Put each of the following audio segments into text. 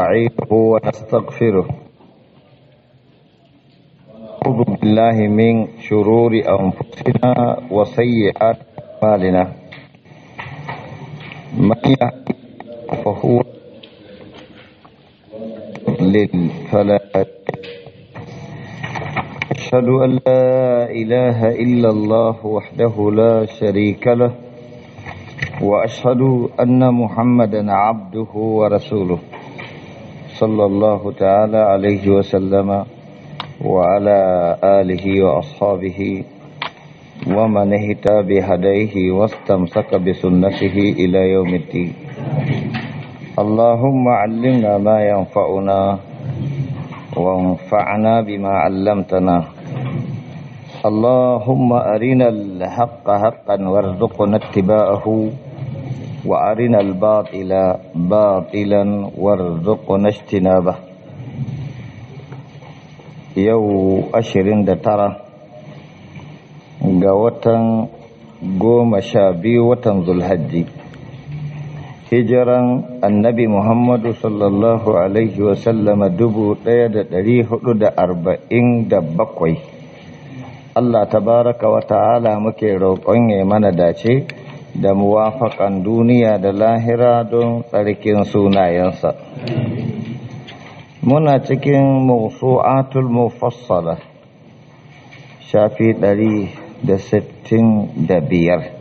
نستعينه ونستغفره ونعوذ بالله من شرور أنفسنا وسيئات أعمالنا من يهده فهو يضلل فلا أشهد أن لا إله إلا الله وحده لا شريك له وأشهد أن محمدا عبده ورسوله صلى الله تعالى عليه وسلم وعلى آله وأصحابه ومن اهتى بهديه واستمسك بسنته إلى يوم الدين اللهم علمنا ما ينفعنا وانفعنا بما علمتنا اللهم أرنا الحق حقا وارزقنا اتباعه wa arinal batila batilan warzuqna istinaba yau tara. ga watan goma sha biyu watan zulhajji hijran annabi muhammad sallallahu alaihi arba'in da bakwai. Allah tabaraka wa ta’ala muke roƙon ya mana dace da muwafaƙan duniya da lahira don tsarkin sunayensa muna cikin mawsu'atul mufassala shafi ɗari da sittin da biyar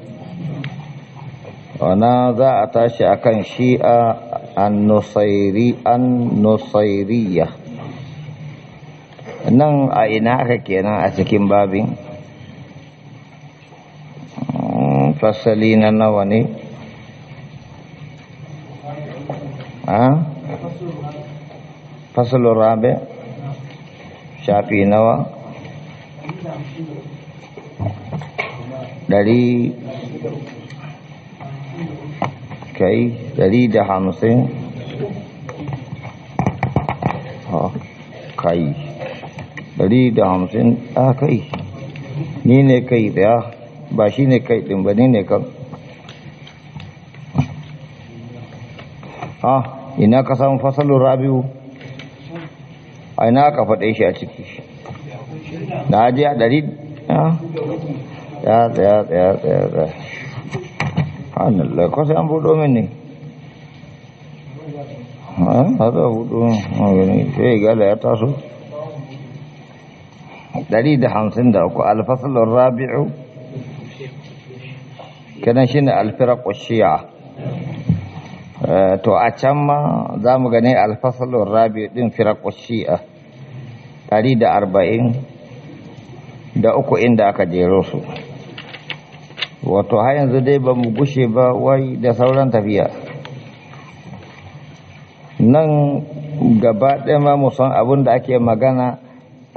wana za a tashi akan shi'a an annusairiya nan a ina aka kenan a cikin babin fasali na nawa ne rabe syafi nawa dari kai dari da hamsin kai dari da hamsin kai ni ne kai daya ba shi ne kai ɗin ba ne ne kan ha ina ka samu fasalin rabiu a ina ka faɗe shi a ciki na ajiye a ɗari ya tsaya tsaya tsaya tsaya hannun laikwasa an buɗo min ne buɗo hudu sai gala ya taso ɗari da hamsin da uku alfasalin rabi'u kenan ne alfirakwa shiya eh, to a can ma za mu gane alfasalon rabi din firakwa shiya ɗari da arba'in da uku inda aka jero su wato har yanzu dai ba mu gushe ba wai da sauran tafiya nan gaba ɗaya ma musan abin da ake magana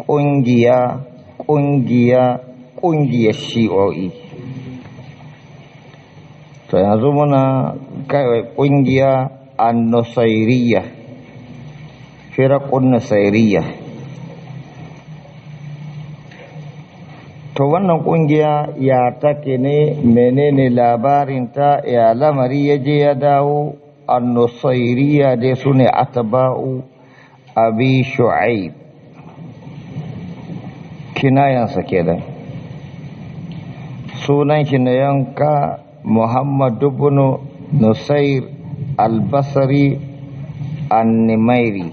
ƙungiya ƙungiya ƙungiyar shi'o'i to yanzu muna kai kungiya annusairiyya firakun nusairiyya to wannan ƙungiya ya take ne menene labarinta ya lamari ya je ya dawo annusairiyya dai su ne ataba'u abi shu'aib kinayansa kenan sunan shi na yanka محمد بن نصير البصري النميري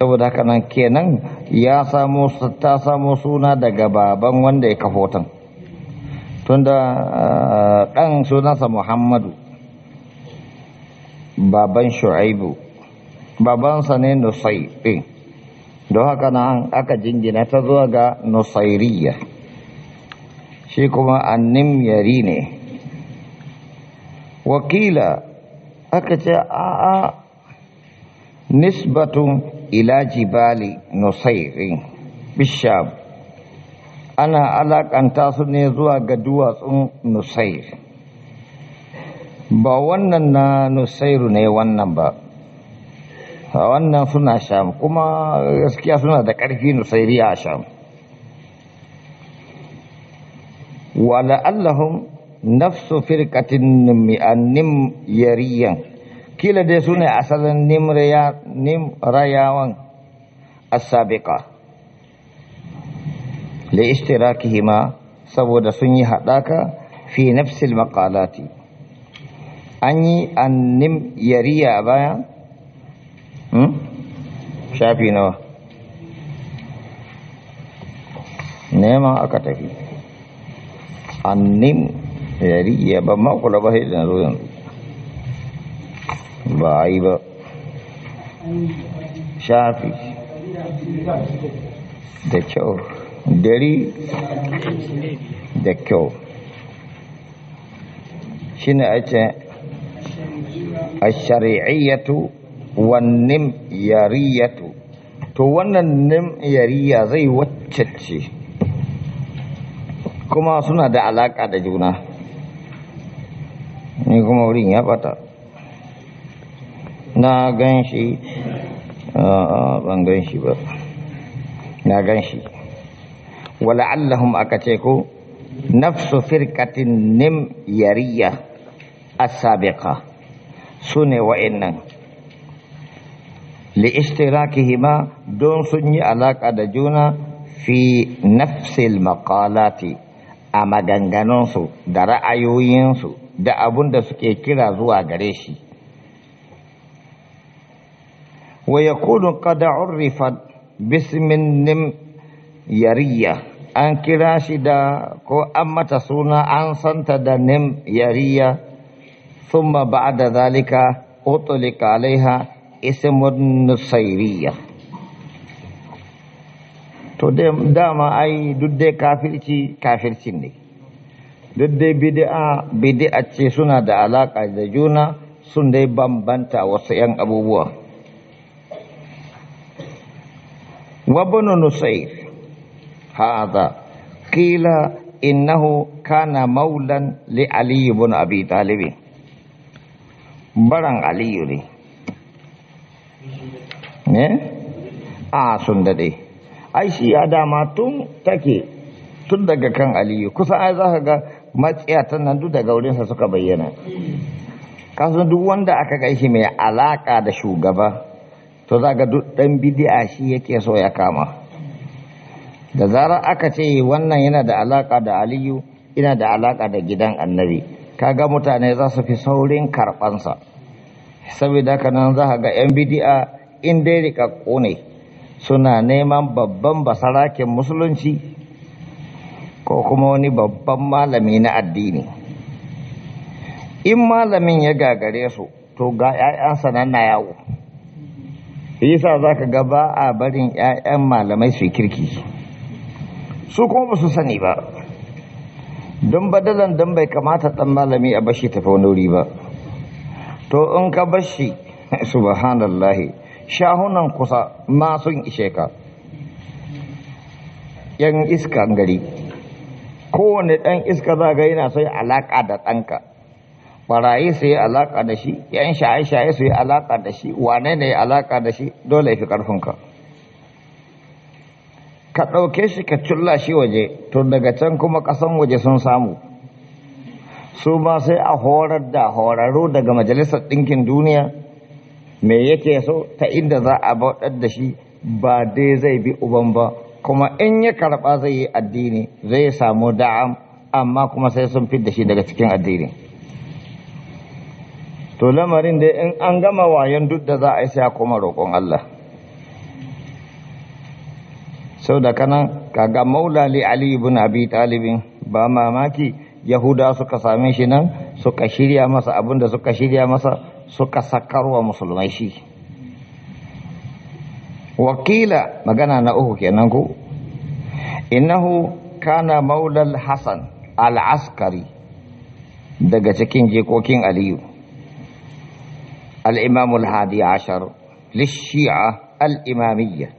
saboda haka kenan ya samu ta samu suna daga baban wanda ya kafo tunda ah, ɗan sunansa muhammadu baban shu'aibu babansa ne nusai don haka nan aka jingina ta zuwa ga nusairiyya shi kuma annim yari ne wakila aka ce a'a nisbatun Ilaji bali nusairin bishab ana alakanta su ne zuwa ga duwatsun nusair ba wannan na nusairu ne wannan ba wannan suna sham kuma gaskiya suna da ƙarfi nusairi a sham ولعلهم نفس فرقة النم يريا كلا دي سنة نم ريا نم ريا السابقة لاشتراكهما سبود سني حداك في نفس المقالات أني النم يريا بايا شافي نوا نعم أكتفي annim yariya ya ma kula ba sai da zo yanzu ba yi ba shafi da kyau dari da kyau shi ne a ce a shari'iyyatu wannan yariyatu to wannan nim yariya zai waccece kuma suna da alaƙa da juna ni kuma wurin ya na gan shi ban gan shi ba na gan shi wala'allahum aka ce ko nafsu firkatin nim yariya as-sabiqa sune wa'annan li'ishtirakihima don sun yi alaƙa da juna fi nafsil maqalati a maganganunsu da ra'ayoyinsu da abun da suke kira zuwa gare shi wa yakunu kada urrifat bismin nim yariya an kira shi da ko an mata suna an santa da nim yariya ba thumma da zalika utlika alaiha isimun nusairiyah to dama ay dudde kafirci kafirci ni dudde bide a bide acce suna da alaka da juna sun dai bambanta wasu yan abubuwa wabanu nusair haza kila innahu kana maulan li aliyu bin abi talibi baran aliyu ne eh ah, a sun da dai ai shi ya dama tun take tun daga kan aliyu kusa ai za ka ga ta nan duk daga wurinsa suka bayyana kasan duk wanda aka kai shi mai alaka da shugaba to za ga duk ɗan bidi'a shi yake so ya kama da zara aka ce wannan yana da alaka da aliyu yana da alaka da gidan annabi kaga mutane za su fi saurin karɓansa saboda haka nan za ka ga 'yan bidi'a in dai ka ne suna neman babban basarakin musulunci ko kuma wani babban malami na addini in malamin ya gagare su to ga 'ya'yansa nan na yawo yasa za ka ga ba a barin 'ya'yan malamai su kirki su kuma ba su sani ba don badalan don bai kamata ɗan malami a bashi tafi wani wuri ba to in ka bashi subhanallahi shahunan kusa ma sun ishe ka yan iskan gari kowane ɗan iska za ga yana sai alaƙa da ɗanka barayi su yi alaƙa da shi yan shaye-shaye su yi alaƙa da shi wane ne alaƙa da shi dole fi ƙarfinka ka ɗauke shi ka culla shi waje to daga can kuma ƙasan waje sun samu su ma sai a horar da horaru daga majalisar ɗinkin duniya me yake so ta inda za a bautar da shi ba dai zai bi uban ba kuma in ya karɓa zai yi addini zai samu da'am amma kuma sai sun fi da shi daga cikin addini to lamarin dai in an gama wayan duk da za a yi sai a koma roƙon Allah sau da kanan kaga maula li ali ibn abi talibin ba mamaki yahuda suka same shi nan suka shirya masa abinda suka shirya masa suka sakarwa musulmai shi wakila magana na uku kenan ku innahu kana maulal hassan al'askari daga cikin jikokin aliyu al’imamu al’adi ashar lishi'a al’imamiyya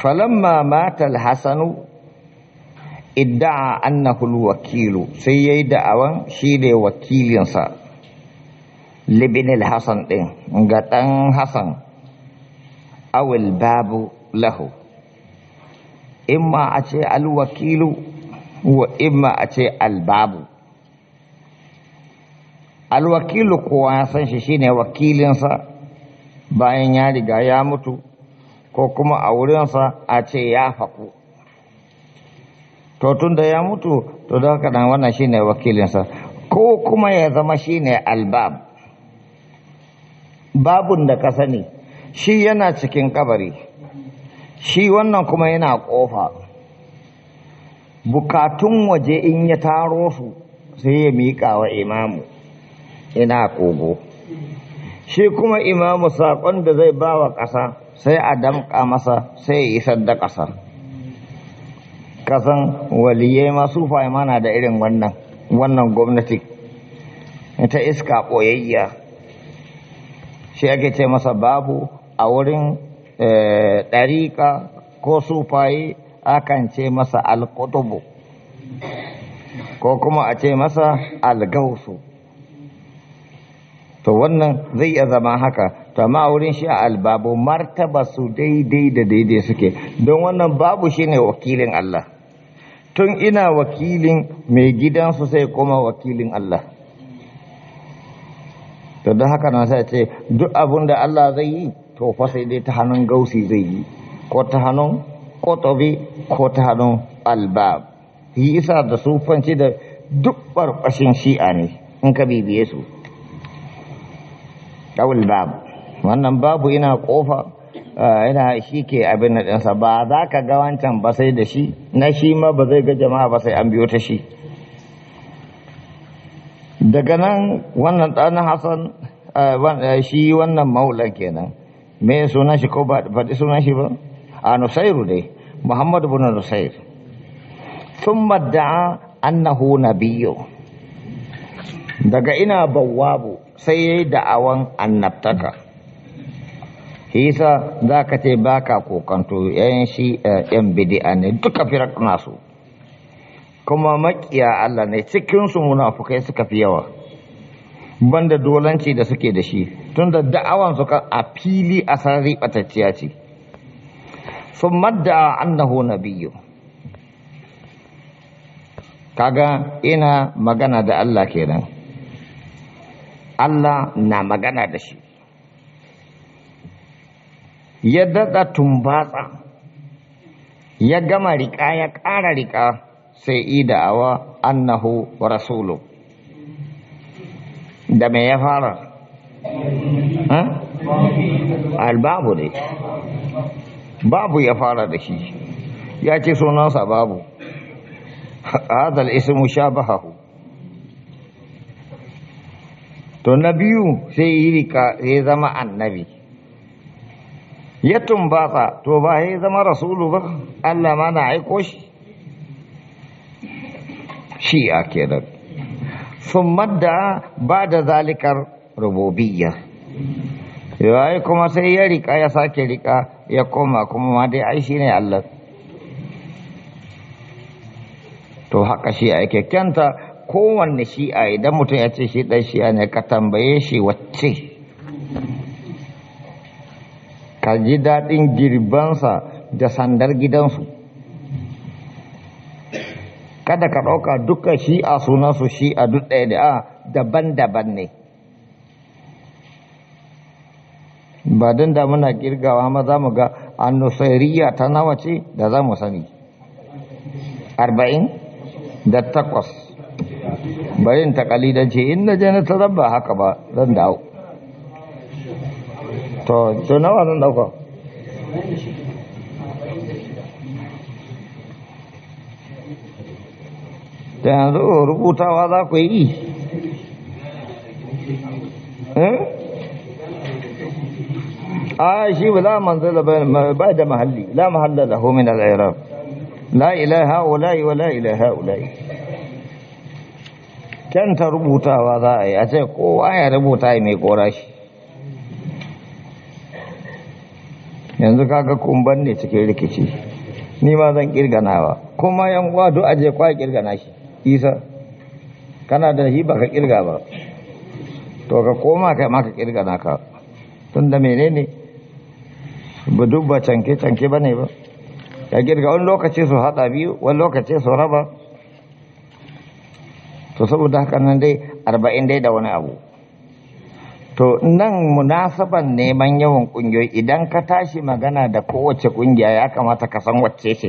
falamma mata al’asanu idda'a annahu wakilu sai ya yi da'awan shi ne wakilinsa libinil Hassan ɗin ga ɗan Hassan, awil babu lahu, imma a ce alwakilu wa imma a ce albabu. Alwakilu kowa ya san shi shine wakilinsa bayan ya riga ya mutu, ko kuma a wurinsa a ce ya faku. To tun da ya mutu, to da haka nan wannan shine wakilinsa, ko kuma ya zama shine albabu? babun da ƙasa ne, shi yana cikin kabari shi wannan kuma yana ƙofa. bukatun waje in ya taro su sai ya miƙa wa imamu ina kogo shi kuma imamu saƙon da zai ba wa ƙasa sai a damƙa masa sai ya isar da ƙasa kasan waliyai masu na da irin wannan wannan gwamnati ta iska ɓoyayya shi ake ce masa babu a wurin eh, ɗariƙa ko sufaye akan ce masa alƙutubu ko kuma a ce masa algausu to wannan zai iya zama haka to amma wurin shi a albabu martaba su daidai da daidai suke don wannan babu shine wakilin Allah tun ina wakilin mai gidansu sai kuma wakilin Allah to don haka na sai ce duk abun da Allah zai yi to fa sai dai ta hannun gausi zai yi ko ta hannun kotobi ko ta hannun albab yi isa da sufanci da duk barbashin shi'a ne in ka bibiye su ɗawul babu wannan babu ina ƙofa yana eh, shi ke abin da ɗinsa ba za ka ga wancan ba sai da shi na shi ma ba zai ga jama'a ba sai an biyo ta shi daga nan wannan ɗan Hassan eh, eh, shi wannan maula kenan me sunan shi ko ba da sunan shi ba a ah, Nusairu dai Muhammad ibn Nusair thumma da'a annahu nabiyyu daga ina bawwabu sai yayi da'awan annabtaka hisa ka ce baka kokanto yayin shi eh, yan ne duka firak nasu kuma makiya Allah ne cikinsu munafukai suka fi yawa banda dolanci da suke da shi tun da da'awan suka a fili a sarari batacciya ce sun madda annahu biyu. kaga ina magana da Allah kenan Allah na magana da shi ya daɗa tumbatsa ya gama riƙa ya ƙara riƙa sai ida'awa annahu rasulu da me ya fara albabu ne babu ya fara da shi ya ce sunansa babu hadal ismu shabahahu to na biyu sai yi ya zama annabi ya tumbatsa to ba ya zama rasulu ba Allah ma na aiko shi shi'a kenan sun madda ba da zalikar rububiyya yayi kuma sai ya rika ya sake rika ya koma kuma ma dai ai ne Allah to haka shi ake kyakkyanta kowanne shi'a idan mutum ya ce shi dan shi'a ne ka tambaye shi wacce ka ji daɗin girbansa da sandar gidansu kada ka ɗauka duka shi'a sunansu shi'a duk ɗaya da ah, daban-daban ne ba don da muna kirgawa ma za mu ga annusairiya ta nawa ce da za mu sani arba'in da takwas barin ta ce in na je na zaba ba haka ba zan dawo to to nawa zan dauka da yanzu rubutawa za ku yi eh? a shi ba la manzala ba da mahalli la mahalla lahu min al-i'rab la ilaha ulai wa la ilaha ulai ta rubutawa za a yi a ce kowa ya rubuta mai kora shi yanzu kaga kumban ne cikin rikici ni ma zan kirganawa kuma yan uwa duk aje kwa kirgana shi isa kana da shi baka kirga ba to ka koma kai ma ka kirga naka tun da menene ba duk ba canke canke ba ne ba ka kirga wani oh, lokaci su hada biyu wani lokaci su raba to saboda haka nan dai arba'in dai da wani abu to nan munasaban neman yawan kungiyoyi idan ka tashi magana da kowace kungiya ya kamata ka san wacce ce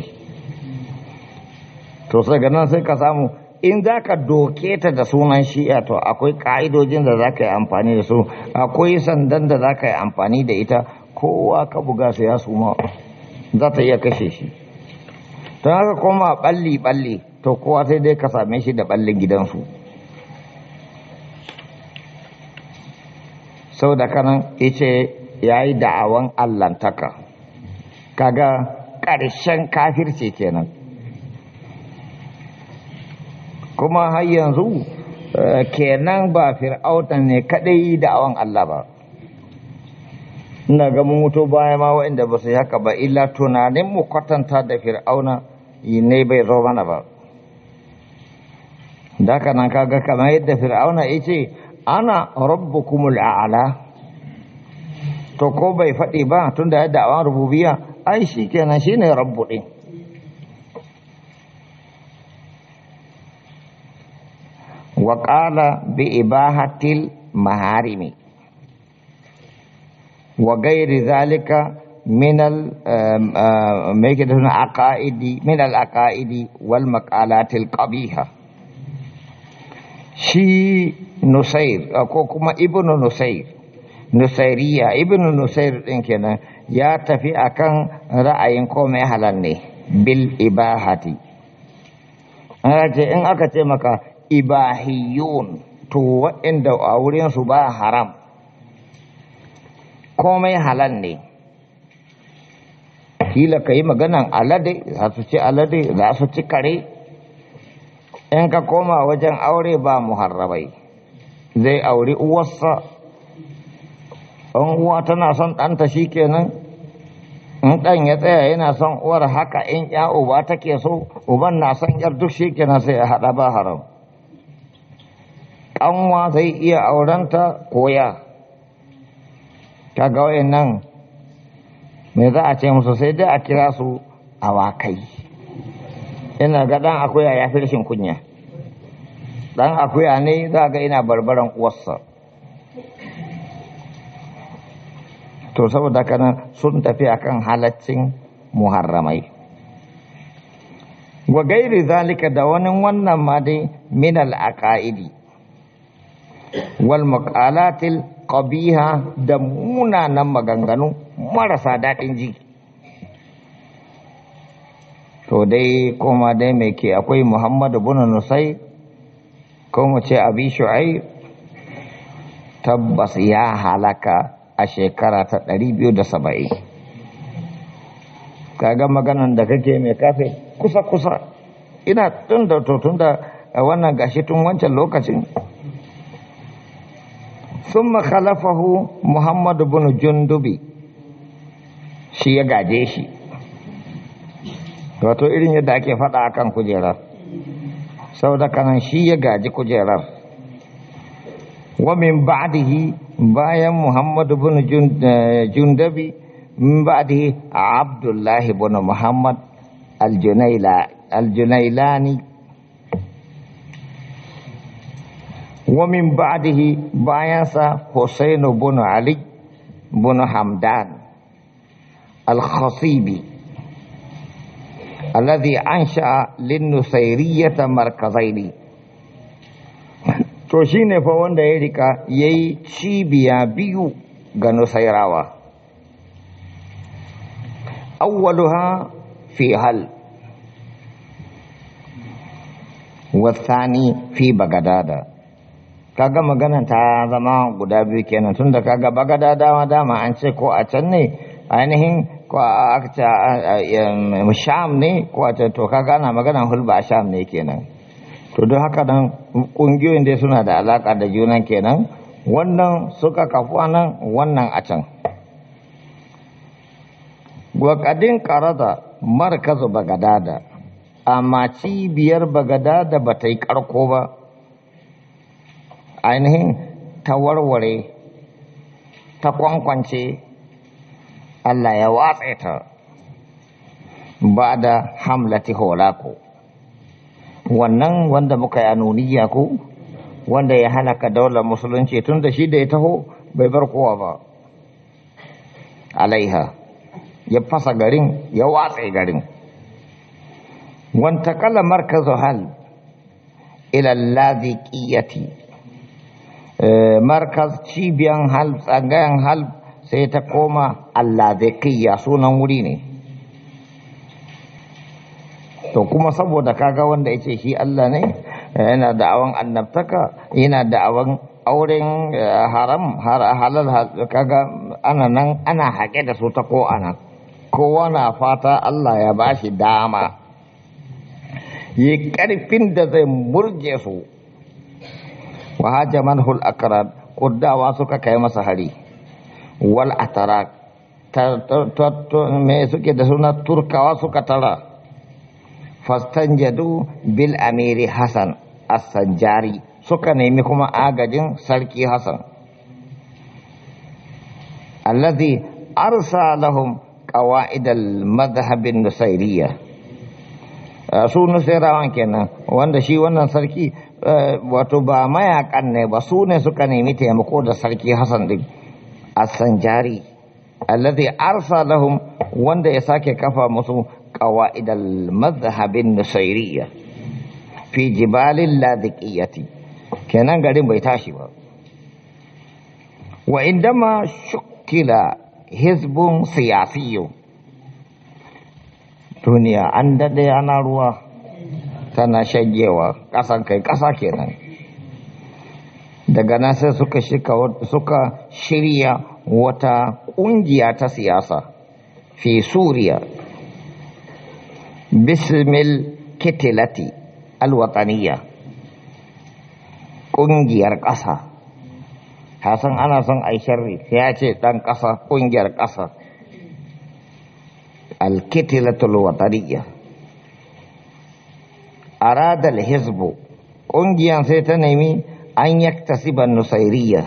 to sai nan sai ka samu in za ka doke ta da sunan shi'a to akwai ka'idojin da za ka yi amfani da su akwai sandan da za ka yi amfani da ita kowa ka buga su ya suma za ta iya kashe shi don haka koma balli balli to kowa sai dai ka same shi da ballin gidansu sau da kanan ice ya yi da'awan allantaka kaga ƙarshen kafirce kenan kuma har yanzu eh, kenan ba fir'auta ne kadai da'awan Allah ba ina ga mun mutu baya ma waɗanda ba su yi haka ba illa tunanin mu kwatanta da fir'auna ne bai zo mana ba da ka nan kaga kamar yadda fir'auna ya ce ana kumul a'ala to ko bai faɗi ba tunda ya da'awan rububiya ai shi kenan shine rabbu وقال بإباحة المحارم وغير ذلك من العقائد من العقائد والمقالات القبيحة شي نصير كوكما ابن نصير نصيرية ابن نصير إنكنا يا تفي أكن رأيين كومي هلالني بالإباحة أنا أجي أنا أكتب ibahiyun to waɗanda a wurinsu ba haram komai halal ne kila ka yi maganan alade za su ci alade za su ci kare in ka koma wajen aure ba muharrabai zai auri uwarsa in uwa tana son ɗanta shi kenan in ɗan ya tsaya yana son uwar haka in ya uba take so uban na son yar duk shi kenan sai ya haɗa ba haram Anwa zai iya aurenta koya ta gawayin nan mai za a ce musu sai dai a kira su awakai ina ga dan akuya ya fi rashin kunya dan akuya ne za ga ina barbaran uwarsa to saboda kana sun tafi akan halaccin muharramai wa gairi zalika da wani wannan ma dai minal aqaidi wal maqalatil qabiha da munanan maganganu marasa daɗin ji to dai kuma dai mai ke akwai muhammadu bin nusai ko mu ce abi shu'ai tabbas ya halaka a shekara ta 270 kaga maganan da kake mai kafe kusa kusa ina tun da tun da wannan gashi tun wancan lokacin summa khalafahu Muhammad بن Jundubi shi ya gaje shi wato irin yadda ake faɗa akan kujerar saboda kanan shi ya gaji kujerar wa min ba'dihi bayan Muhammad bin Jundubi min ba'dihi Abdullah bin Muhammad al-Junailani ومن بعده بايس حسين بن علي بن حمدان الخصيبي الذي أنشأ للنصيرية مركزين توشيني فوند إيريكا يي تشيبيا بيو غنصيراوا أولها في هل والثاني في بغداد kaga maganan ta zama guda biyu kenan tunda kaga bagada dama dama an ce ko a can ne ainihin ko a sham ne ko a can to kaga ana maganan hulba a sham ne kenan to don haka nan ƙungiyoyin dai suna da alaka da junan kenan wannan suka kafu a nan wannan a can gwakadin karada markazu bagadada amma cibiyar bagadada ba ta yi karko ba ainihin ta warware ta kwankwance Allah ya watsa ta ba da hamlati holako wannan wanda muka yi anuniya ko wanda ya halaka daular musulunci tun da shi da ya taho bai bar kowa ba alaiha ya fasa garin ya watsa garin Wanta kalamar markazu hal ila ladhiqiyati Eh, markaz cibiyan hal tsagayen hal sai ta koma Allah Zai kai ya sunan wuri ne to kuma saboda kaga wanda yake shi Allah ne eh, yana da'awan annabtaka yana da'awan auren eh, haram halal kaga ana nan ana haƙe da su ta ko ana kowa na fata Allah ya bashi dama yi ƙarfin da zai murje su wa hajaman hul kudda kurdawa suka kai masa hari wal atarak me suke da suna turkawa suka tara fastanjadu bil amiri hasan as-sanjari suka nemi kuma agajin sarki hasan allazi arsa lahum al-madhhab an النصيرية su nusayrawan kenan wanda shi wannan sarki wato ba mayakan ne ba su ne suka nemi taimako da sarki Hassan din Assanjari alladhi arsa lahum wanda ya sake kafa musu qawaidal mazhabin nusairiyya fi jibalil ladhiqiyati kenan garin bai tashi ba wa indama shukila hizbun siyasiyyu duniya an dade ana ruwa tana shagewa ƙasan kai ƙasa kenan daga nan sai suka suka shirya wata ƙungiya ta siyasa fi suriya bismil kitilati alwataniya ƙungiyar ƙasa hasan ana son a sharri ya ce ɗan ƙasa ƙungiyar ƙasa alkitilatul wataniya aradal hizbu ƙungiyan sai ta nemi an yaktasiban nusairiya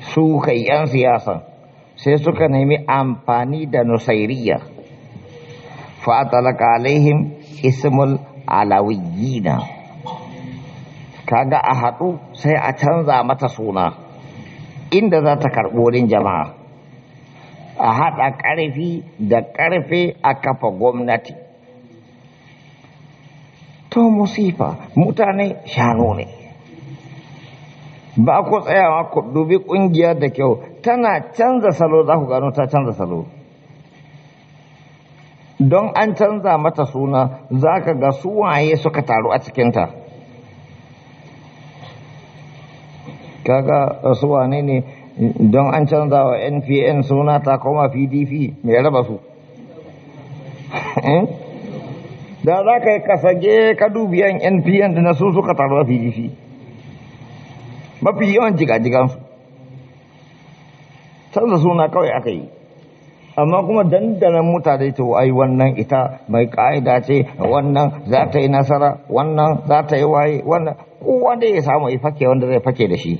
su yi 'yan siyasa sai suka nemi amfani da nusairiya fatalaka alaihim ismul alawiyina kaga a haɗu sai a canza mata suna inda za ta karɓorin jama'a a haɗa ƙarfi da ƙarfe a kafa gwamnati to musifa mutane shanu ne ba ku tsayawa ku dubi ƙungiyar da kyau tana canza salo za ku gano ta canza salo don an canza mata suna za ka ga suwaye suka taru a cikinta kaga suwane ne don an canza wa npn suna ta koma pdp mai raba su eh? da za ka yi kasage ka dubi yan npn da na su suka taru a pdp mafi yawan jigajigansu canza suna kawai aka yi amma kuma dandalin mutane ta ai wannan ita mai ka'ida ce wannan za ta yi nasara wannan za ta yi waye wannan kowa ya samu ya fake wanda zai fake da shi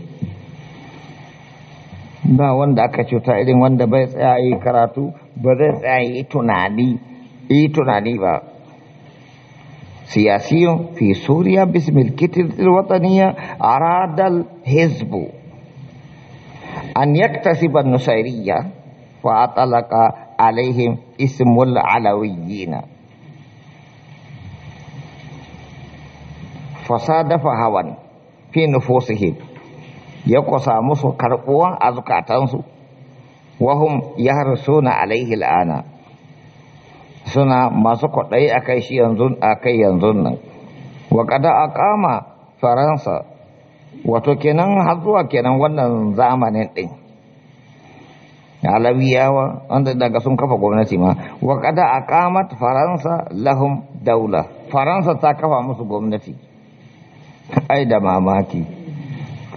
ba wanda aka cuta irin wanda bai tsaya karatu ba zai tsaya yi tunani ba سياسي في سوريا باسم الكتلة الوطنية أراد الحزب أن يكتسب النصيرية فأطلق عليهم اسم العلويين فصادف هوى في نفوسهم يقصى مصر كربوا أذكى وهم يهرسون عليه الآن suna masu kwaɗayi a kai shi yanzu a kai yanzu nan wa kada a kama faransa wato kenan har zuwa kenan wannan zamanin ɗin alawiyawa wanda daga sun kafa gwamnati ma wa kada a kamat faransa lahum daula faransa ta kafa musu gwamnati ai da mamaki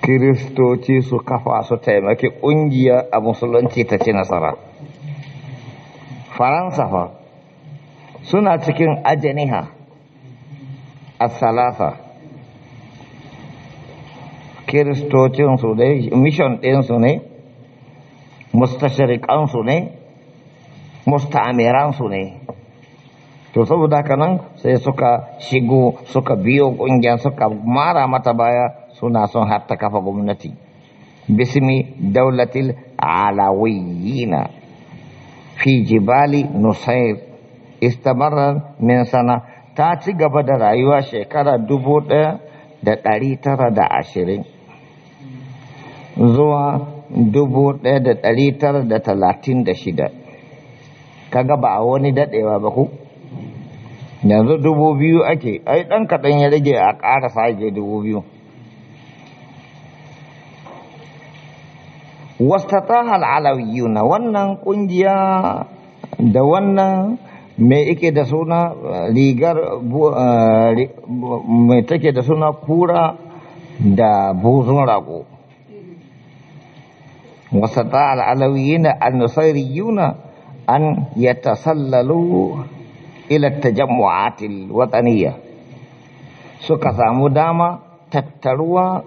kiristoci su kafa su taimaki ƙungiya a musulunci ta ci nasara faransa fa suna cikin ajaniha salafa kiristocinsu da mission ɗinsu ne mustashirikansu ne mustamiransu ne to saboda haka nan sai suka shigo suka biyo ƙungiyar suka mara mata baya suna son har ta kafa gwamnati bismi daulatil alawiyina fi jibali nusair istamarar min sana ta ci gaba da rayuwa shekara dubu ɗaya da ɗari tara da ashirin zuwa dubu ɗaya da ɗari tara da talatin da shida Ka gaba a wani daɗewa ba ku yanzu dubu biyu ake ai ɗan kaɗan ya rage a ƙara sage dubu biyu Wasta ta halalawiyu na wannan ƙungiya da wannan me yake da suna eh, rigar mai eh, take da suna kura da buzun rago wasata al'alawiyina al Yuna, an ya yatasallalu ila tajammu'atil wataniya suka samu dama tattaruwa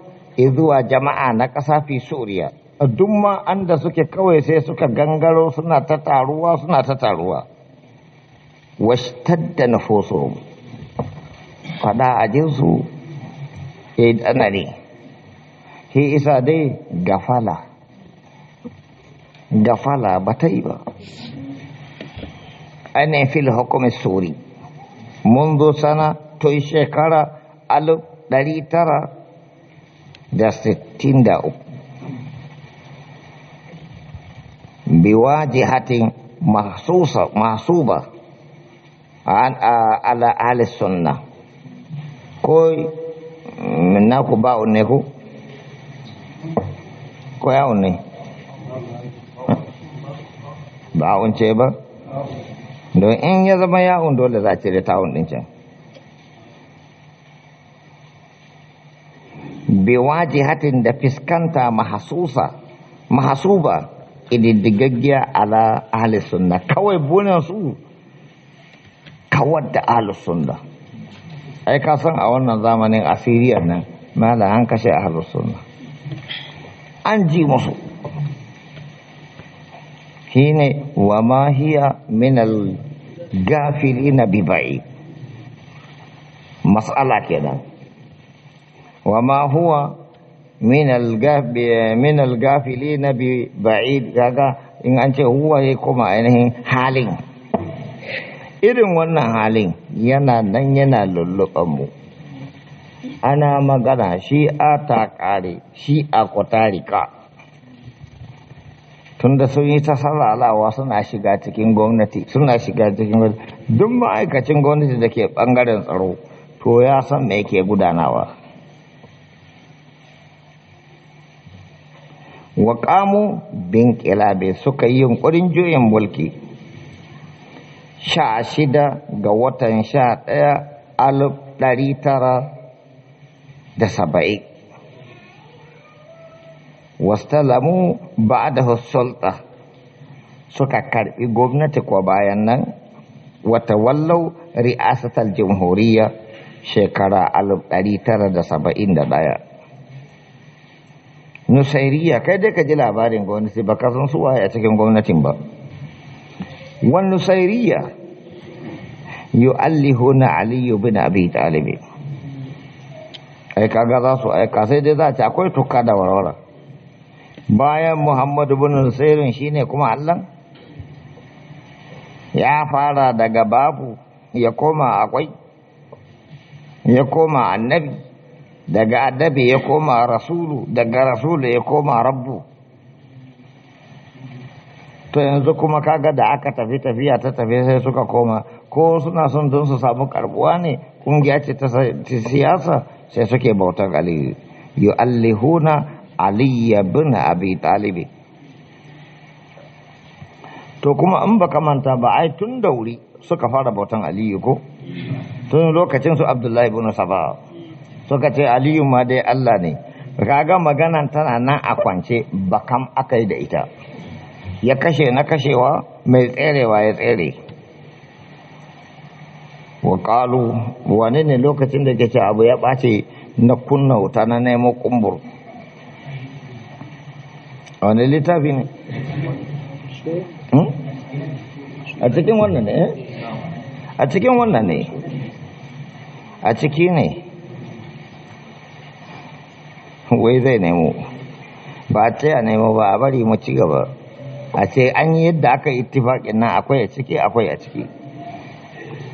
zuwa jama'a na ƙasa fi suriya Duma an da suke kawai sai suka gangaro suna ta suna ta taruwa واشتد نفوسهم فدا اجزو إيد أمري هي إسا دي غفلة غفلة بطيبة أنا في الحكم السوري منذ سنة توي شكرا ألو داري ترى دا ستين داو بواجهة محسوسة محسوبة ala ahli sunna ko mm, na ku ba ne ku ko ya ne ba un ce ba don in ya zama yawon dole za a cire tawon ɗin can biwaji hatin da fiskanta mahasusa mahasuba ƙididdigaggiya ala ahli sunna kawai bunan su kawar da ahlus sunna ai ka san a wannan zamanin asiriyar nan mala an kashe ahlus sunna an ji musu shine wa ma minal min na bi ba'i mas'ala wa ma huwa min gafi min bi in an ce huwa ya koma ainihin halin irin wannan halin yana nan yana lulluɓan mu ana magana shi a ta ƙare shi a kwatarika tun da sun yi ta sarralawa suna shiga cikin gwamnati suna shiga cikin duk ma'aikacin gwamnati da ke ɓangaren tsaro to ya san me ke gudanawa wa ƙamu bin ƙilabe suka yi yunkurin juyin mulki sha shida ga watan sha ɗaya alif ɗari tara da saba'in wastalamu ba da hussulta suka karɓi gwamnati kwa bayan nan wata wallau ri'asatar jamhuriya shekara alif ɗari tara da saba'in da ɗaya nusairiya kai dai ka ji labarin gwamnati ba ka san waye a cikin gwamnatin ba Ali والنصيرية يؤلهون علي بن أبي طالب أي aika. Sai za ta akwai tuka da warwara bayan Muhammadu bin Nusairin shine kuma Allah ya fara daga babu ya koma akwai ya koma annabi daga Adabi ya koma rasulu daga rasulu ya koma rabbu to yanzu kuma kaga da aka tafi tafiya ta tafi sai suka koma ko suna son don su samu karbuwa ne kungiya ce ta siyasa sai suke bautar aliyu allihuna aliyya bin abi talibi to kuma in baka manta ba ai tun da wuri suka fara bautan aliyu ko tun lokacin su abdullahi bin saba suka ce aliyu ma dai allah ne kaga maganan tana nan a kwance bakam aka yi da ita ya kashe na kashewa mai tserewa ya tsere wa ƙalu wani ne lokacin da ke ce abu ya ɓace na kunna wuta na nemo kumbur wani littafi ne hmm? a cikin wannan ne eh? a cikin wannan ne a ciki ne wai zai nemo ba a tsaya nemo ba a bari mu ci gaba a ce an yi yadda aka ittifaƙin nan akwai a ciki akwai a ciki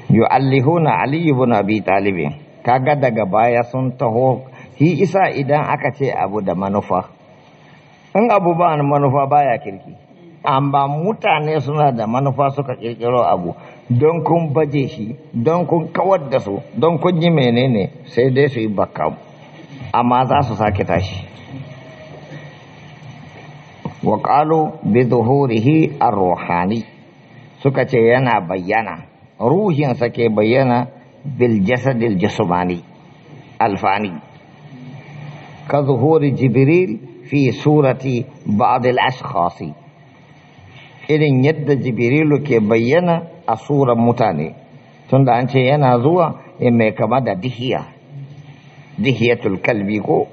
yu'allihuna ali ibn abi talibi kaga daga baya sun taho shi isa idan aka ce abu da manufa in abu ba manufa baya kirki amma mutane suna da manufa suka kirkiro abu don kun baje shi don kun kawar da su don kun yi menene sai dai su yi bakka amma za su sake tashi وقالوا بظهوره الروحاني سكة ينا بيانا روح ينسكي بيانا بالجسد الجسماني الفاني كظهور جبريل في سورة بعض الأشخاص إذن يد جبريل كي بيانا أصورة متاني تند أنت ينا ذوى إما كمدى دهية دهية الكلب كو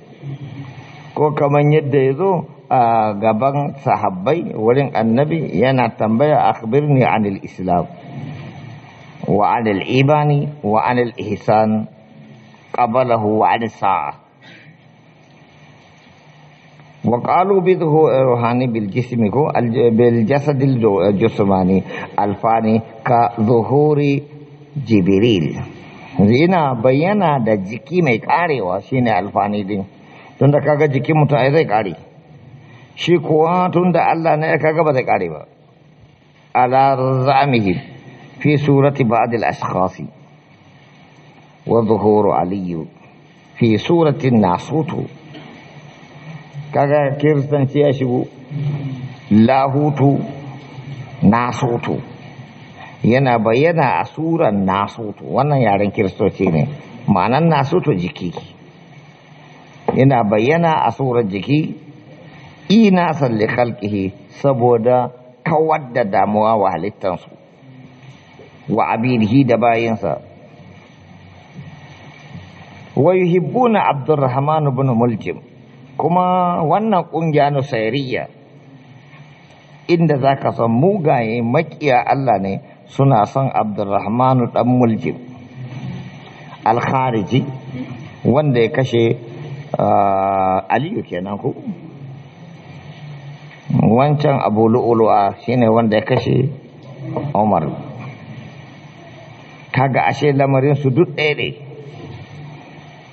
كو كمان يد يدو a gaban sahabbai wurin annabi yana tambaya akhbirni anil islam wa anil imani wa anil ihsan qabalahu wa anil sa'a وقالوا بده روحاني بالجسم كو بالجسد الجسماني الفاني كظهور جبريل yana bayyana da jiki mai karewa shine alfani din tunda kaga jikin mutum ai zai kare shi kuwa tun da Allah ne kaga ba zai kare ba ala fi surati ba'd al wa zuhuru aliyu fi surati nasutu kaga kiristanci ya shigo lahutu nasutu yana bayyana a suran nasutu wannan yaren kiristoci ne ma'anan nasutu jiki yana bayyana a surar jiki ina li khalqihi saboda kawar da damuwa wa halittansu wa abidihi da bayinsa wa yuhibbuna abdurrahman ibn muljim kuma wannan kungiya nusairiyya inda zaka san mugaye makiya Allah ne suna son abdurrahman dan muljim al-khariji wanda ya kashe ah, aliyu kenan ko wancan abu lu'ulu'a shine wanda ya kashe umar kaga ashe lamarin su duk ɗaya ne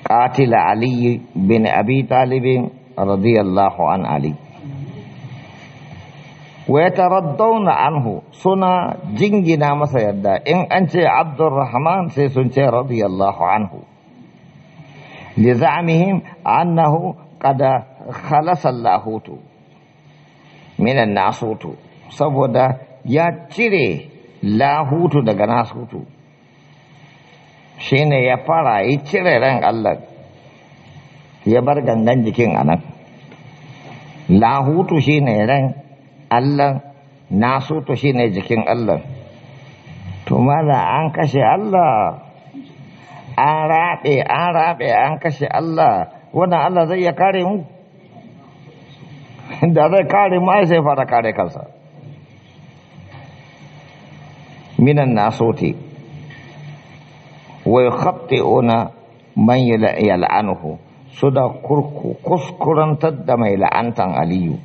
ƙatila aliyu bin abi talibin radiyallahu an ali wata raddauna anhu suna jingina masa yadda in an ce abdurrahman sai sun ce radiyallahu anhu لزعمهم annahu kada خلص اللاهوت minan nasutu saboda ya cire lahutu daga nasutu shine ya fara ya cire ran Allah ya bar gangan jikin a nan lahutu shine ran Allah nasutu shine jikin Allah to mala an kashe Allah an raɓe an raɓe an kashe Allah wannan Allah zai ya kare mu da zai kare ma sai fara kare kansa minan nasuti wa yukhati'una man yal'anuhu kurku kuskurantar da mai la'antan aliyu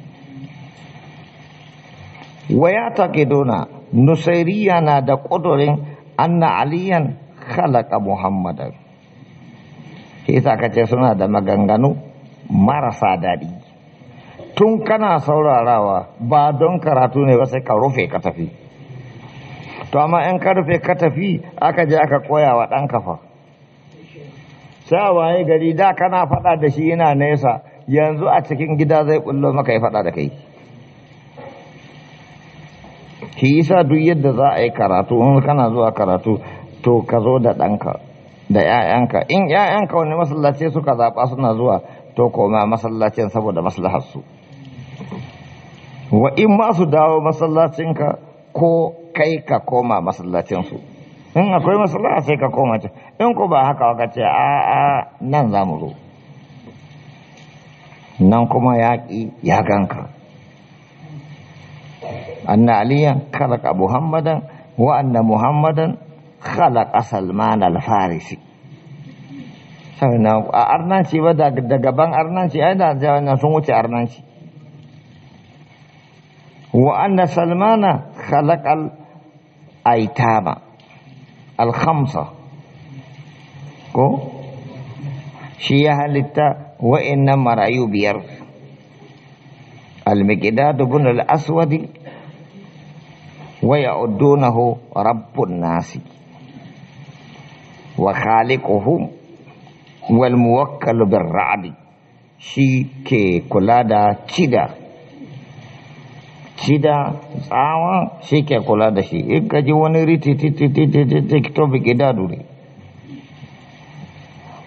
wa ya taqiduna nusairiya na da ƙudurin anna aliyan halaka muhammadan sai kace suna da maganganu marasa daɗi tun kana saurarawa ba don karatu ne ba sai ka rufe ka tafi to amma in ka rufe ka tafi aka je aka koya wa ɗan kafa sai waye gari da kana faɗa da shi yana nesa yanzu a cikin gida zai bullo maka ya faɗa da kai ki isa duk yadda za a yi karatu in kana zuwa karatu to ka zo da ɗanka da 'ya'yanka in 'ya'yanka wani masallaci suka zaɓa suna zuwa to koma masallacin saboda maslahar su wa in ma su dawo masallacinka ko kai ka koma masallacinsu in akwai masallaci sai ka koma ta in ko ba haka waka ce a a nan za mu zo nan kuma yaƙi ya ganka anna aliyan khalaqa muhammadan wa anna muhammadan khalaqa salman al-farisi sai na arnanci ba daga gaban arnanci ai da sun wuce arnanci وأن سلمان خلق الأيتام الخمسة كو شيها لتا وإنما رأيو بير المقداد بن الأسود ويعدونه رب الناس وخالقهم والموكل بالرعد شي كي كلادا تشيدا Sida tsawa shi ke kula da shi in ka ji wani riti titi titi to bi gida dure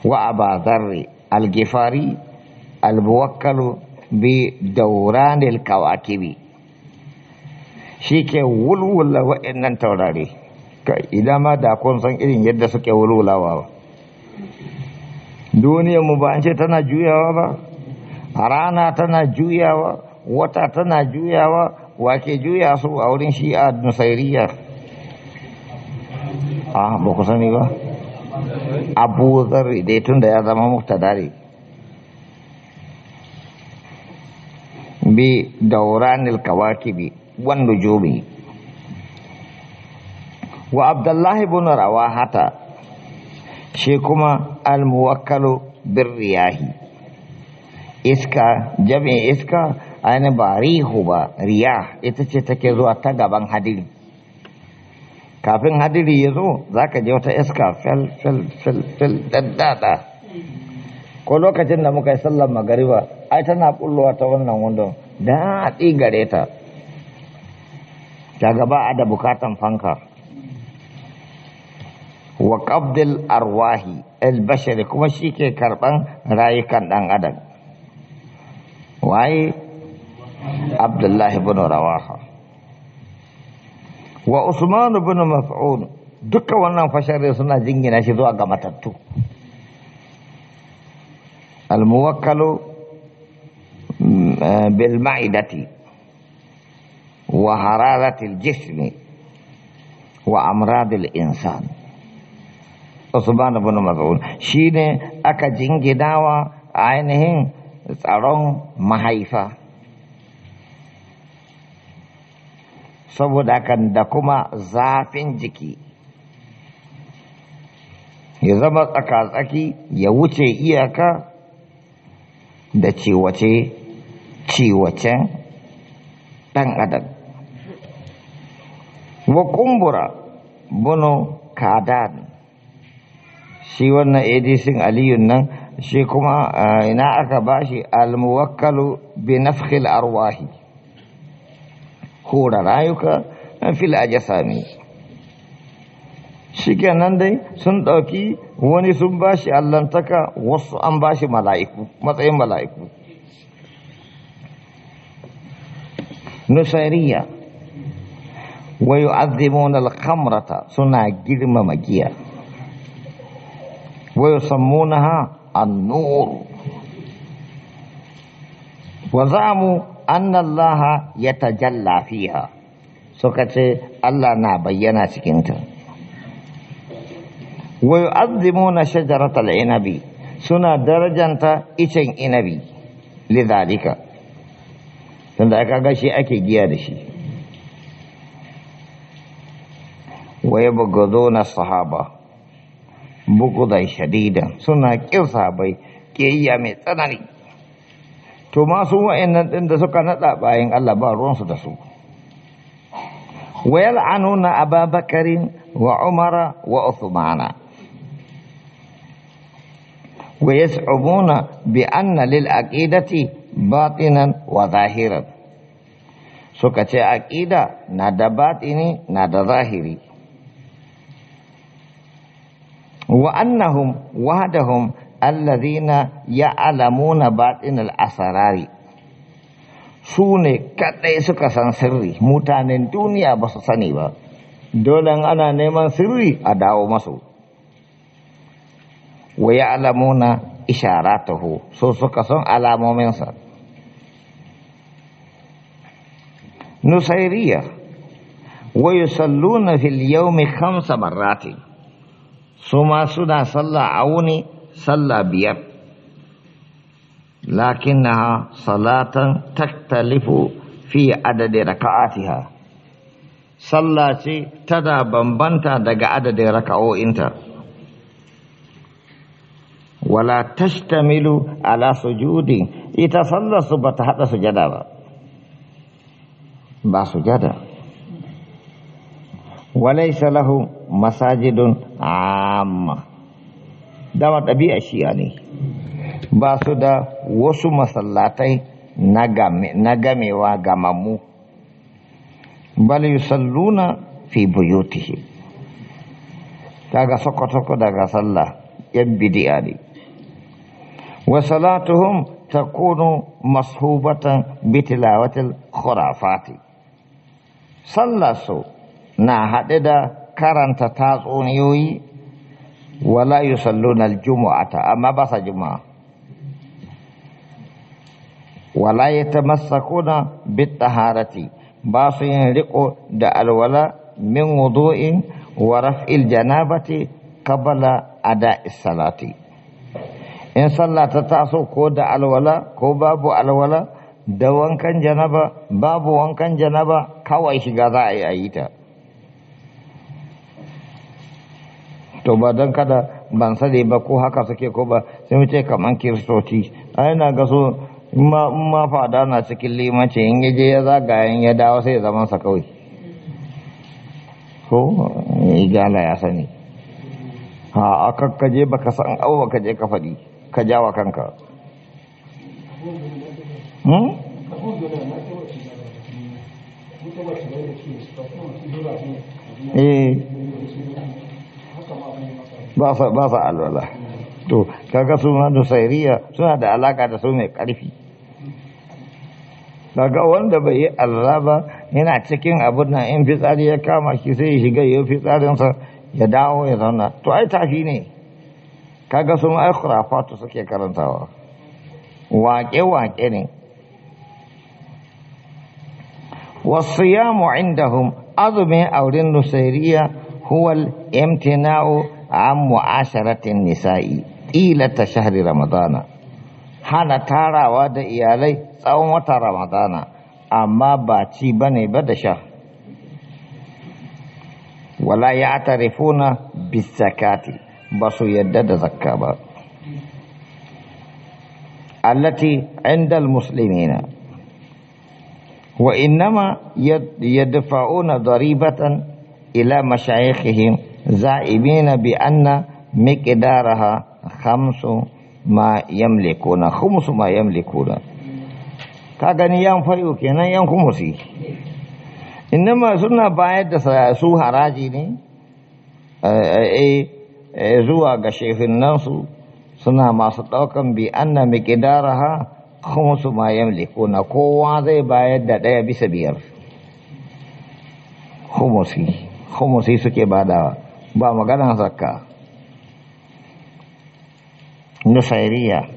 wa abazarri algifari albuwakkalu bi dauranil kawakibi shi ke wulwula wa'annan taurari idan ma da kun san irin yadda suke wulwulawa duniyar mu ba an ce tana juyawa ba rana tana juyawa wata tana juyawa wake juya su a wurin shi'a nusairiya a ah, ba ku sani ba abu zarri dai tun da ya zama dare bi dauranil kawakibi wan nujumi wa abdullahi ibn rawahata shi kuma al-muwakkalu birriyahi iska jami'in iska ainihin ba rihu ba riya ita ce take zuwa ta gaban hadiri kafin hadiri ya zo za ka je wata iska fel fel fel fel daddada ko lokacin da muka yi sallar magariba ai tana bullowa ta wannan wundon daɗi gare ta ta gaba a da bukatan fanka wa qabdil arwahi albashari kuma shi ke karɓan rayukan ɗan adam waye عبد الله بن رواحة وعثمان بن مفعون دك وانا فشر سنة جنجنا شدوا قمتتو الموكل آه، بالمعدة وحرارة الجسم وأمراض الإنسان عثمان بن مفعون شيني أكا جنجناوا عينهم tsaron mahaifa saboda kan da kuma zafin jiki ya zama tsaka-tsaki ya wuce iyaka da ciwace ciwacen ɗan adam wa kumbura bunu kadan shi wannan ADC aliyun nan shi kuma eh, ina aka bashi almuwakkalu bi nafkhil arwahi هو رأيك في الأجسام shikenan dai sun ɗauki wani sun bashi allantaka wasu an bashi mala'iku matsayin mala'iku nusairiya wa yu'azzimuna al-khamrata suna girmama giya wa yusammunaha an-nur wa za'amu Laha ya tajalla fiha suka ce Allah na bayyana cikinta wa yu'azzimuna shajaratal inabi suna darajanta icen inabi lidhalika tunda aka ga shi ake giya da shi wa yabghaduna sahaba bugudan shadidan suna kin sahabai kiyayya mai tsanani to masu wa'annan ɗin da suka naɗa bayin Allah ba ruwansu da su wayal anuna ababakarin wa umara wa Uthman. wa bi anna lil aqidati batinan wa zahiran So ce aqida na da batini na da zahiri wa annahum wahdahum allazina ya'lamuna batinal asrari su ne kadai suka san sirri mutanen duniya ba su sani ba dole ana neman sirri a dawo masu wa ya'lamuna isharatahu so suka san alamominsa nusairiya wa yusalluna fil yawmi khamsa marrati su ma suna sallah a wuni sallah biyar lakin na salatan taktalifu fi adadin raka'atiha sallah ce tana bambanta daga adadin raka'o'inta wala tashtamilu ala sujudi ita sallar su bata hada sujada ba ba sujada walaysa lahu masajidun amma dama ɗabi'a shi'a ne ba su da wasu masallatai na gamewa gamammu balayu salluna fi buyutihim Daga sokoto daga sallah yan bidi'a ne wa ta kunu mashubatan bitilawatil khurafati sallah su na haɗe da karanta tatsuniyoyi wala yusalluna al jumata amma ba sa juma'a wala yatamassakuna bit-taharati ba su yin riko da alwala min wudu'in wa raf'il janabati qabla ada'is salati in sallah ta taso ko da alwala ko babu alwala da wankan janaba babu wankan janaba kawai shiga za a yi a yi ta to ba don kada ban sani ba ko haka suke ko ba sai mu kamar kiristoci a yana ga so in ma fada na cikin limanci in ya je ya zagayen ya dawo sai ya zaman sa kawai ko igala eh, ya sani a ba ka san awa ka je ka faɗi ka jawa kanka hmm? eh ba fa alwala to kaga su da sairiya suna da alaka da su mai karfi kaga wanda bai yi alwala ba yana cikin abin nan in fitsari ya kama shi sai ya shiga ya fitsarinsa ya dawo ya zauna to ai tafi ne kaga su ai khurafatu suke karantawa Wake waƙe ne wasu yamu indahum azumin auren nusairiya huwal imtina'u عام عشرة النساء إلى شهر رمضان حنا ترى ود إيالي صوم رمضان أما باتي بني بدشة ولا يعترفون بالزكاة بس يدد زكابا التي عند المسلمين وإنما يدفعون ضريبة إلى مشايخهم za'imina bi anna miqdaraha khamsu ma yamlikuna khumsu ma yamlikuna ka gani yan fayo kenan yan khumsi innama suna bayar da su haraji ne zuwa ga shefin nansu suna masu ɗaukan bi anna miqdaraha khumsu ma yamlikuna kowa zai bayar da ɗaya bisa biyar khumusi khumusi suke badawa ba maganan zakka nusairiya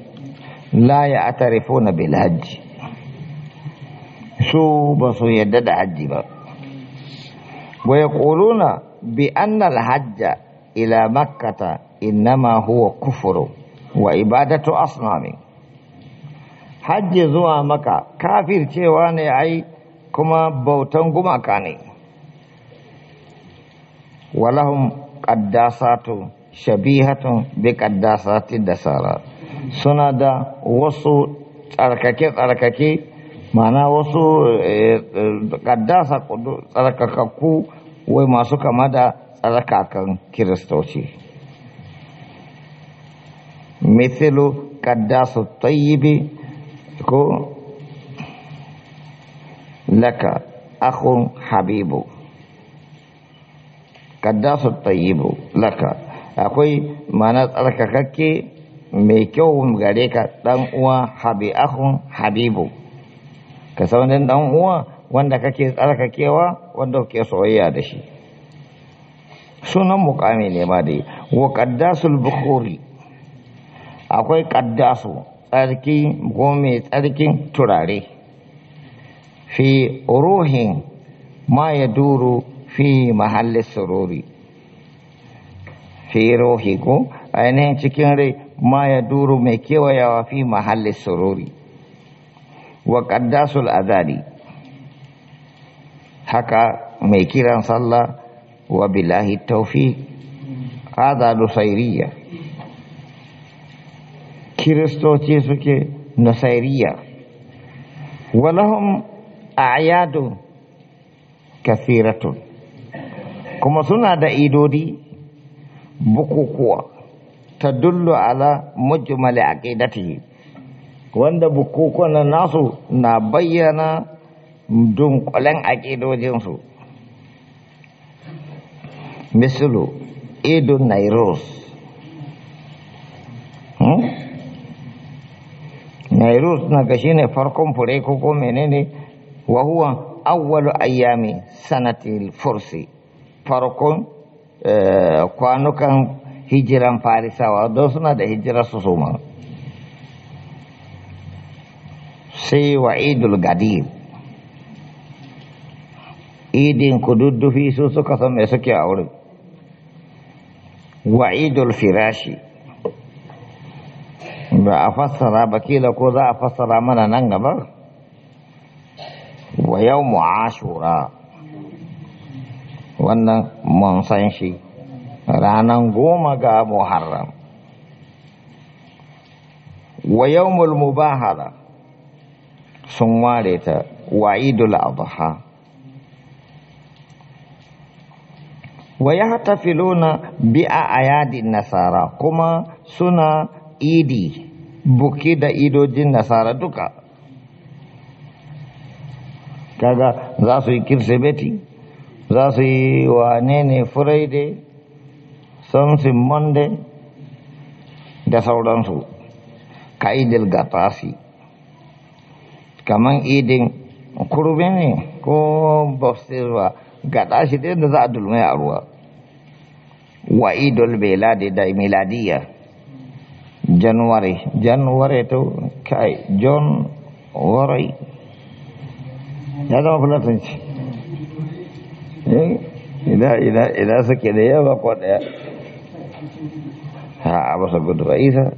la ya atarifo na bilhajji su ba su yadda da hajji ba wa ya bi annal hajja ila makkata innama huwa kufuru wa ibadatu asnami hajji zuwa maka kafir cewa ne ai kuma bautan gumaka ne walahum ƙaddasatu shabihatun bi da sara suna da wasu tsarkake-tsarkake mana wasu ƙaddasa eh, tsarkakakku wai masu kama da tsarkakan kiristoci mithilu yi tayyibi ko laka akhun habibu kaddasu tayyibu laka akwai mana tsarkakakke mai kyau gare ka dan uwa habi akhun habibu ka saunin dan uwa wanda kake tsarkakewa wanda kake soyayya da shi sunan mukami ne ma dai wa qaddasul bukhuri akwai kaddasu tsarki ko mai tsarkin turare fi ruhin ma ya duru fi mahalli sururi fi rohi ko ainihin cikin rai ma ya duru mai kewayawa fi mahalli sururi wa ƙaddasul azari haka mai kiran sallah wa bilahi taufi hada nusairiya kiristoci suke nusairiya walahum a'yadun kasiratu kuma suna da idodi bukukuwa ta dullu ala mujmali aqidatihi wanda bukukuwan nasu na bayyana dunkulen ƙidodinsu misalu idun nairos hmm? nairos na ga ne farkon fure ko menene wahuwan awwalu ayyami sanatil fursi farkon eh, kwanukan hijiran farisawa don suna da hijirar su suma sai wa idul gadir idin kududdufi su suka san mai suke a wurin wa idul firashi ba a fassara ba kila ko za a fassara mana nan gaba wa yau mu ashura wannan mun san shi ranan goma ga muharram wa yawmul mubahara sun ware ta wa idul adha wa yahtafiluna bi ayadin nasara kuma suna idi buki da idojin nasara duka kaga za su yi kirsimeti Zafi wa anene Friday, Thursday, Monday, da sauransu. Ka'idil gatasi. Kamang idin kurbe ni, ko bostirwa. Gatasi tu da za a dulme a ruwa. Wa idul beladi da miladiya. January, January to kai John Warai. Ya apa kula tunci. Hmm? ina ina ina sekiranya kene ya ba ya ha apa sebut kudu isa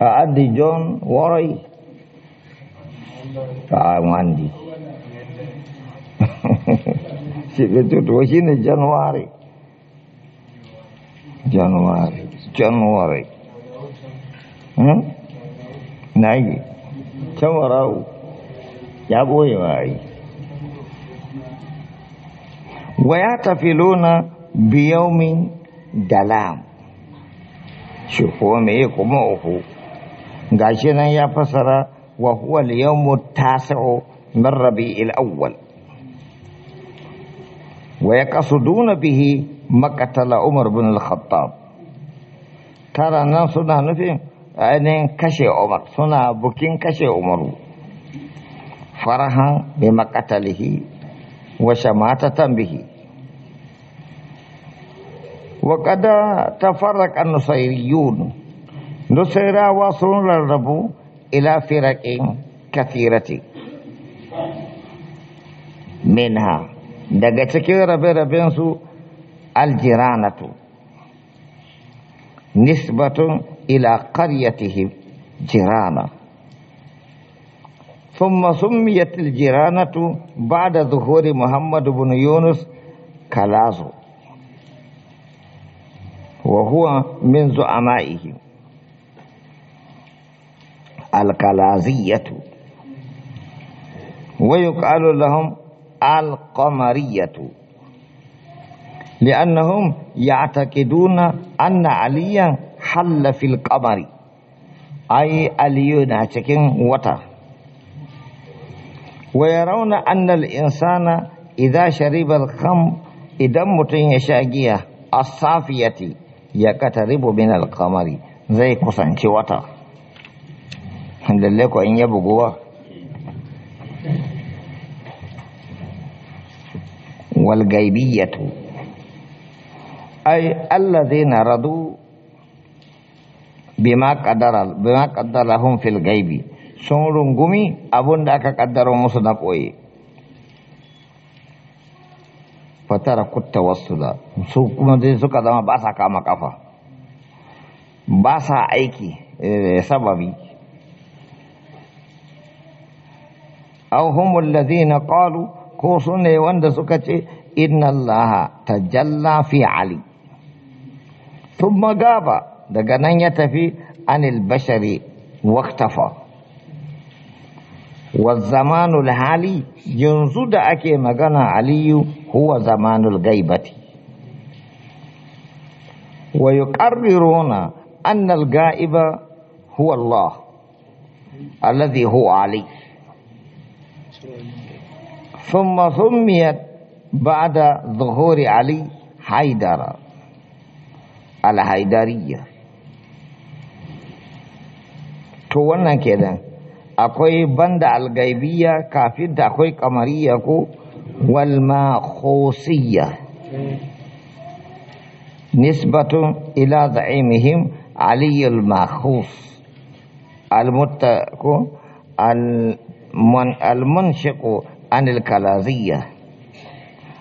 ha adi john worai ha mandi si betu dua sini januari januari januari hmm naik cawarau ya boy wa ya tafiluna biyaumin dalam shi mai yi kuma uku gashi nan ya fasara wa huwa mu yawmu tasi'u min rabi'il awwal wa ya duna bihi maqtala umar bin al-khattab tara nan suna nufin ainihin kashe umar suna bukin kashe umaru farahan bi maqtalihi wa shamatatan bihi وقد تفرق النصيريون نصيرا واصلون للربو إلى فرق كثيرة منها daga cikin rabe-rabensu aljiranatu nisbatun ila qaryatihim jirana thumma summiyat aljiranatu ba'da zuhuri muhammad ibn yunus kalazu وهو من زعمائه القلازية ويقال لهم القمرية لأنهم يعتقدون أن عليا حل في القمر أي اليون هتكين وطا ويرون أن الإنسان إذا شرب الخمر إذا متين يشاقيه الصافية ya qataribu min al zai kusanci wata lalle ko in ya buguwa wal gaibiyatu ay alladhina radu bima qaddara bima qaddarahum fil gaibi sun rungumi abun da aka kaddaro musu na ƙoye. fatara kutta wasula su kuma zai suka zama ba sa kama kafa ba sa aiki eh, sababi aw humul ladina qalu ko su ne wanda suka ce inna allaha tajalla fi ali thumma gaba daga nan ya tafi anil bashari waqtafa wa zamanul hali yanzu da ake magana aliyu هو زمان الغيبة ويقررون أن الغائب هو الله الذي هو عليه ثم سميت بعد ظهور علي حيدر الحيدرية to wannan kenan akwai banda algaibiya kafin da akwai kamariya ko والماخوصية نسبة إلى زعيمهم علي الماخوص المتق المنشق عن الكلازية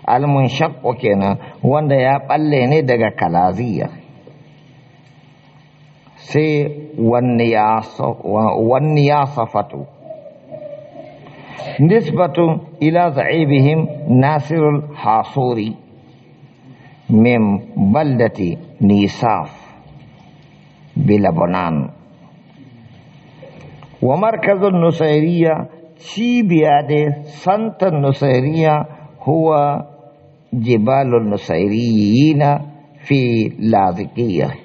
المنشق كنا وان يا بلني دغ كلازية سي والنياصة والنياصفة nisbatun ila za'ibihim nasiru hasuri min baldati nisaf bilabanan wa markazun nusairiya cibiya da santan nusairiya huwa jibalun nusairiyina fi laziƙiyar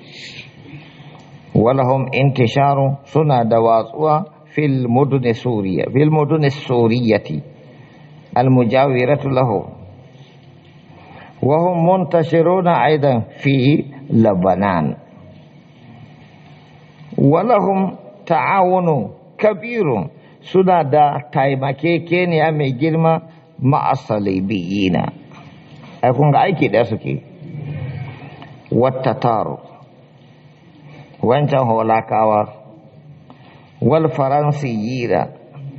walahun intisharun suna da watsuwa في المدن السورية في المدن السورية المجاورة له وهم منتشرون أيضا في لبنان ولهم تعاون كبير سنة دا تايمكي كين يا مجرم مع الصليبيين أكون عايكي داسكي والتتارو وانت هو لاكاور والفرنسيين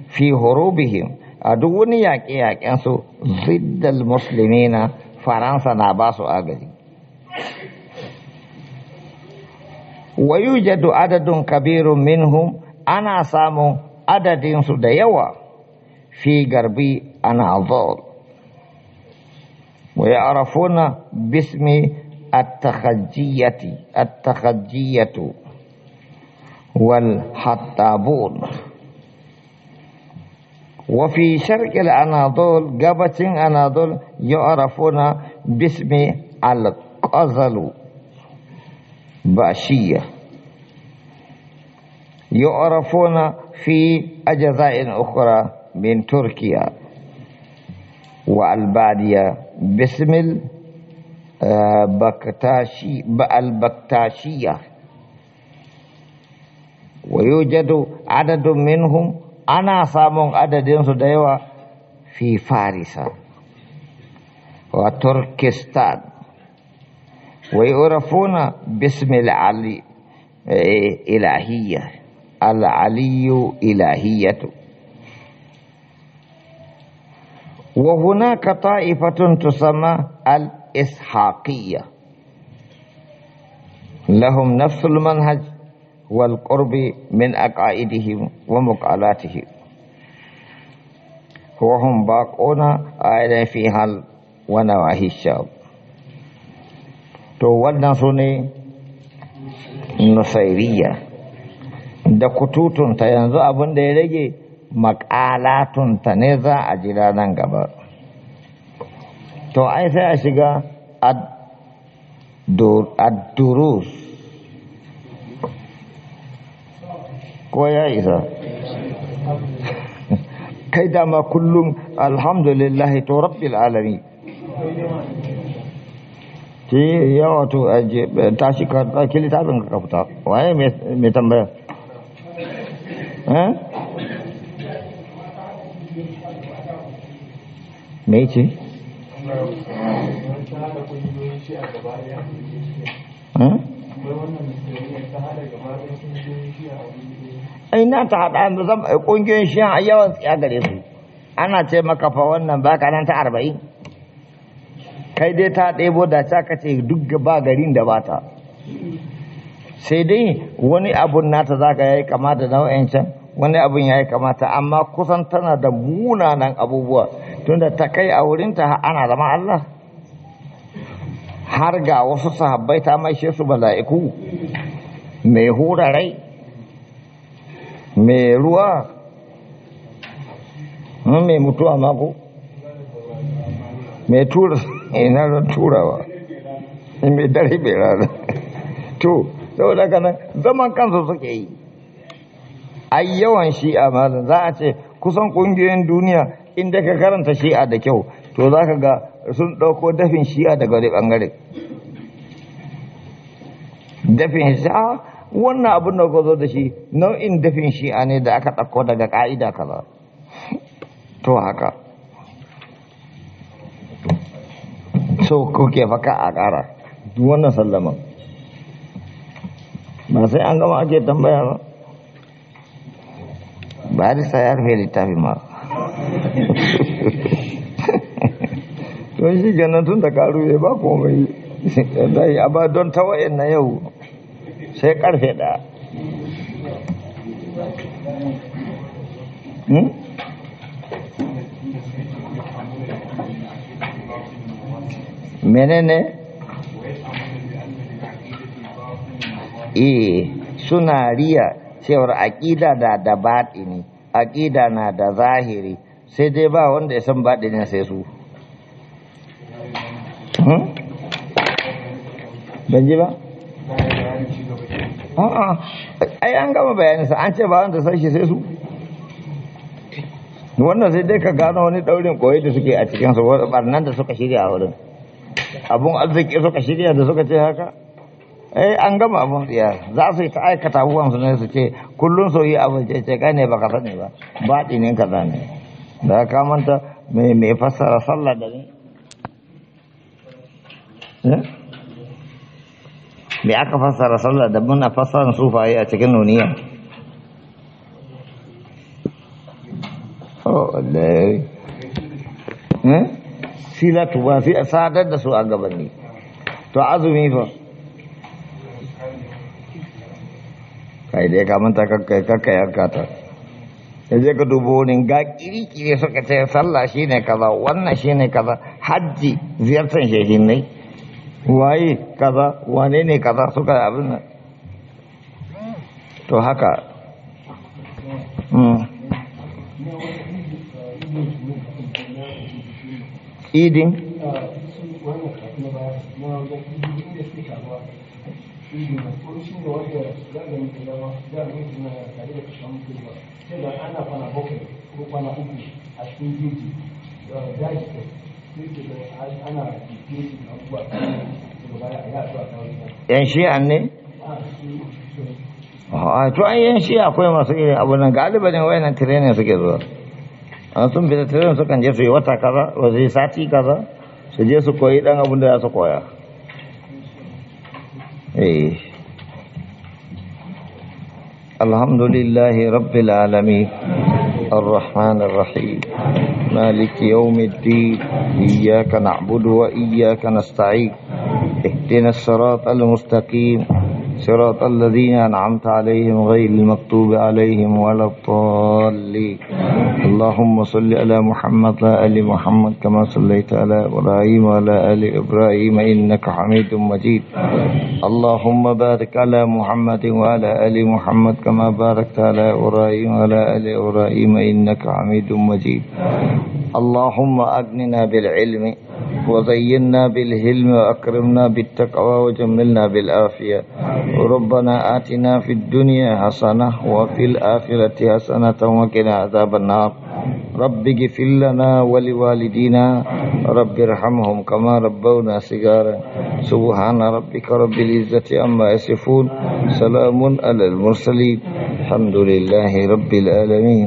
في هروبهم أدون ياكي ياكي ضد المسلمين فرنسا ناباسو أغدي ويوجد عدد كبير منهم أنا سامو عدد سديوا في غربي أناضول ويعرفون باسم التخجية التخجية والحطابون وفي شرق الأناضول قبتين أناضول يعرفون باسم القزل باشية يعرفون في أجزاء أخرى من تركيا والبادية باسم البكتاشي آه، البكتاشية ويوجد عدد منهم أنا سامون عدد سدايوا في فارس وتركستان ويعرفون باسم العلي إيه، إلهية العلي إلهية وهناك طائفة تسمى الإسحاقية لهم نفس المنهج والقرب من أقائدهم ومقالاتهم وهم باقون آيلا hal حال ونواهي الشعب To wannan su ne Da da kututunta yanzu abin da ya rage makalatunta ne za a jira nan gaba to ai sai a shiga ad ko ya isa kai dama kullum alhamdulillah to rabbil alamin ce yawa to tashi ka ɗauki littafin ka fita waye mai tambaya mai ce Eh? ai na ta hada da zan kungiyoyin shi a yawan tsaya gare su ana ce maka fa wannan ba nan ta arba'in kai dai ta ɗebo da ta ka ce duk ba garin da bata. sai dai wani abun nata za ka yayi kama da nau'in can wani abun yayi kamata amma kusan tana da munanan abubuwa tunda ta kai a wurinta ana zama Allah har ga wasu sahabbai ta maishe su bala'iku mai hura rai Hm, me ruwa mai mutuwa mako Me tura ina da turawa Me dare bai da to saboda kanan zaman kansu suke yi ai yawan shi'a malam za a ce kusan ƙungiyoyin duniya inda ka karanta shi'a da kyau to za ka ga sun ɗauko dafin shi'a daga wani ɓangare dafin shi'a wannan abin da ka zo da shi nau'in dafin shi'a ne da aka ɗauko daga ƙa'ida kaza to haka so kuke faka a ƙara wannan sallaman ba sai an gama ake tambaya ba ba da sa ya rufe littafi ma to shi ganin tun da karu ya ba komai da a ba don tawayen na yau sai karfe ɗaya hmm? menene eh suna riya cewar aƙida da da baɗini aƙida na da zahiri sai dai ba wanda ya san baɗinin sai su hmm? ban ji ba ai an gama bayaninsa an ce ba wanda sashi sai su wannan sai dai ka gano wani daurin koyi da suke a cikin su barnan da suka shirya a wurin abun arziki suka shirya da suka ce haka ai an gama abun tsiya za su yi ta aikata abubuwan su ne su ce kullum soyi abun ce ce ne ba ka sani ba baɗi ne ka ne da ka manta mai fassara sallah da ne me aka fassara sallah da muna fassara sufaye a cikin nuniya silatu ba sai a sadar da su a gabanni to azumi fa kai dai ka manta kakka harka ta ya je ka dubo wani ga kiri-kiri suka ce sallah shine kaza wannan shine kaza hajji ziyartar shehin ne waye kaza wane ne kaza suka abin nan to haka hmm. idin ana kwana bakwai ko kwana uku a cikin jeji yan an ne? a to an yan shi'a akwai masu iri abu nan ne wayanan tirenin suke zuwa an sun fita tirenin sukan je su yi wata kaza wazi yi sati kaza su je su koyi dan abin da za su koya eh. alhamdulillahi rabbil alamin الرحمن الرحيم مالك يوم الدين إياك نعبد وإياك نستعين اهدنا الصراط المستقيم صراط الذين أنعمت عليهم غير المكتوب عليهم ولا الضالين اللهم صل على محمد وعلى آل محمد كما صليت على إبراهيم وعلى آل إبراهيم إنك حميد مجيد اللهم بارك على محمد وعلى آل محمد كما باركت على إبراهيم وعلى آل إبراهيم إنك حميد مجيد اللهم أغننا بالعلم وزينا بالهلم وأكرمنا بالتقوى وجملنا بالعافية ربنا آتنا في الدنيا حسنة وفي الآخرة حسنة وقنا عذاب النار رب اغفر لنا ولوالدينا رب ارحمهم كما ربونا صغارا سبحان ربك رب العزة عما يصفون سلام على المرسلين الحمد لله رب العالمين